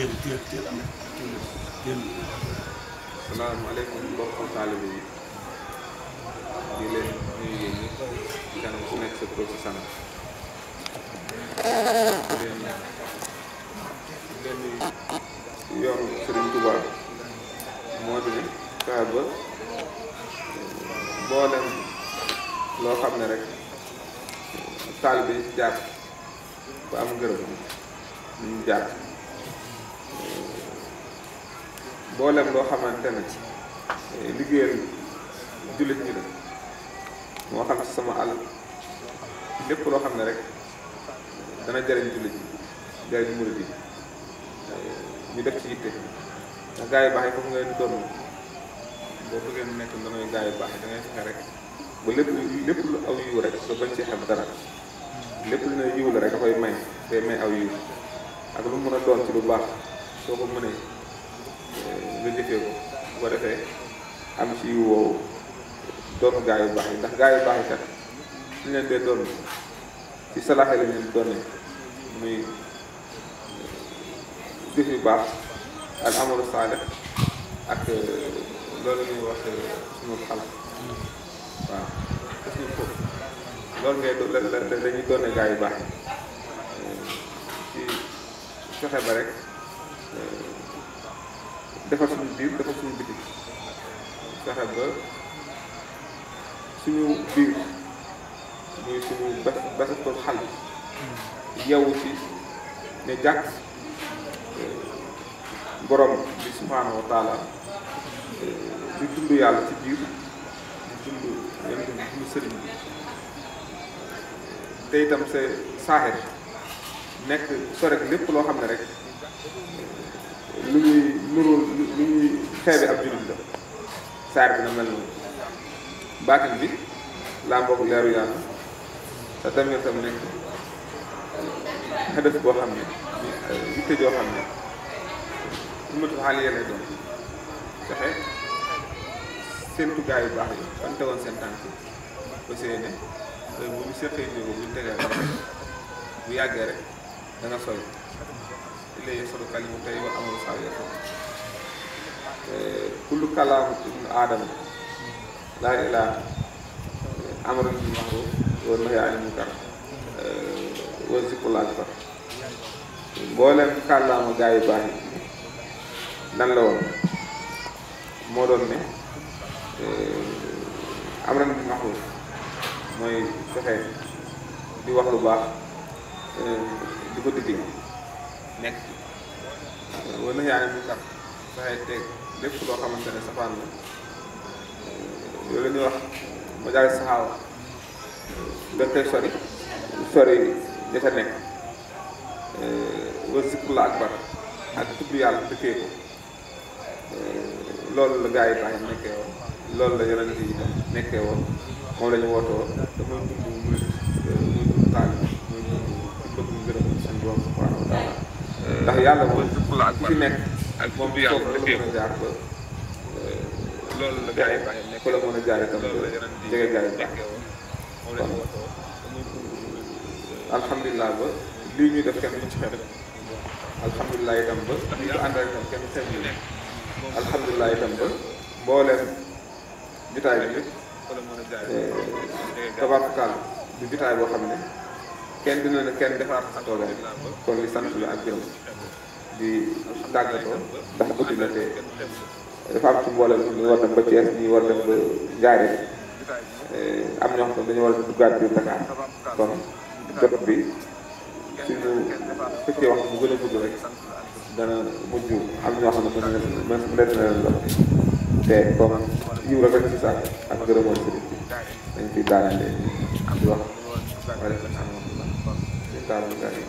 teel teel teel am teel yi di leen nuyu leen di leen nuyu yoonu Serigne moo di fexe ba mboolem loo xam ne rek taalibe yi ci jàpp ba am gërëm ñu jàpp. mboolem loo xamante ne ci eh, liggéeyal jullit ñi la moo xam ci sama àll lépp loo xam ne rek dana jariñ jullit ñi jariñ yi eh, ñu def ci yitte ndax gaa yu baax yi foofu nga leen doon boo bëggee nekk damay gaa yu baax yi dangay fexe rek ba lépp lépp lu aw yiw rek nga bañ ci xel dara lépp lu ne yiw la rek dafay may day may aw yiw ak lu mën a doon ci lu baax soo ko mënee nga jëfee ko bu ko defee am ci woowu doonu gaa yu baax yi ndax gaa yu baax yi kat suñ leen dee doon ci salaaxe lañ leen doon muy jëf yu baax ak amalu saalix ak euh, loolu ñuy wax euh, suñu xalaat waaw parce que foofu loolu ngay la la dañuy doon gaa yu baax yi euh, ci fexe ba rek. defar suñu biir defar suñu biti ba suñu biir muy suñu bas basatul xal yeewu ci ne jàkk eh, borom bi subhaanahu wa taala eh, di yàlla ci biir di dund yéen sëriñ bi te itam sa saaxir nekk sorek lépp loo xam ne rek eh, lu ñuy nuru lu ñuy xeebe ab jullit la saar bi na mel noonu baatin bi laa mbokk leeru yàlla te tamit tam nekk xadaf boo xam ne yitte joo xam ne ummatu xaaliya lay baax yi fan seen tànk ba seen ne bu ñu seqee njóoba bu ñu tegee rek bu yàggee rek da nga sori léegi solo kalimu tey wa amul saa kullu kalaamati ibnu aadama laa ilaaha amrun bil ma'ruuf wa nahyi anil munkar wa zikrul akbar mboolem kàllaama gaa yu baax yi lan la woon moo doon ne amran bil ma'ruuf mooy fexe di wax lu baax di ko digle nekk wa nahyi anil munkar fexe teg lépp loo xamante ne safaan la loolu la ñuy wax ma daal saxaawa nga koy sori sori da nekk wa zikru la akbar ak tudd yàlla dëkkee la gaa yi baax yi la yonent yi nekkee la ñu wootoo te muy dund murit muy dund taalib muy dund ci bëgg mu gërëm seen borom subhanahu wa taala ndax ak boobu yàlla dëkkee ko jaar ba loolu la gars nekk la mën a jaar itam jege gars yi alhamdulilah ba lii ñuy def kenn du ci xel alhamdulilah itam ba lii ñu àndal itam alhamdulilah itam ba mbooleem jotaay bi yëpp eh, tabarkaal di jotaay boo xam ne kenn dina ne kenn defaat toogaay kon li sant la ak gërëm di tàggatoo ndax guddi na te dafa am ci mbooloo bi ñu war dem ba Thiès ñi war dem ba Ndiarène eh, am ñoo xam ne dañu war a duggaat biir Dakar kon jot bi suñu fekkee wax bu gën a gudd rek dana mujj am ñoo xam ne mën di wax waaleykum salaam wa rahmatulah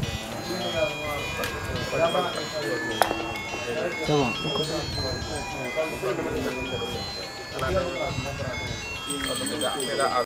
Tamam.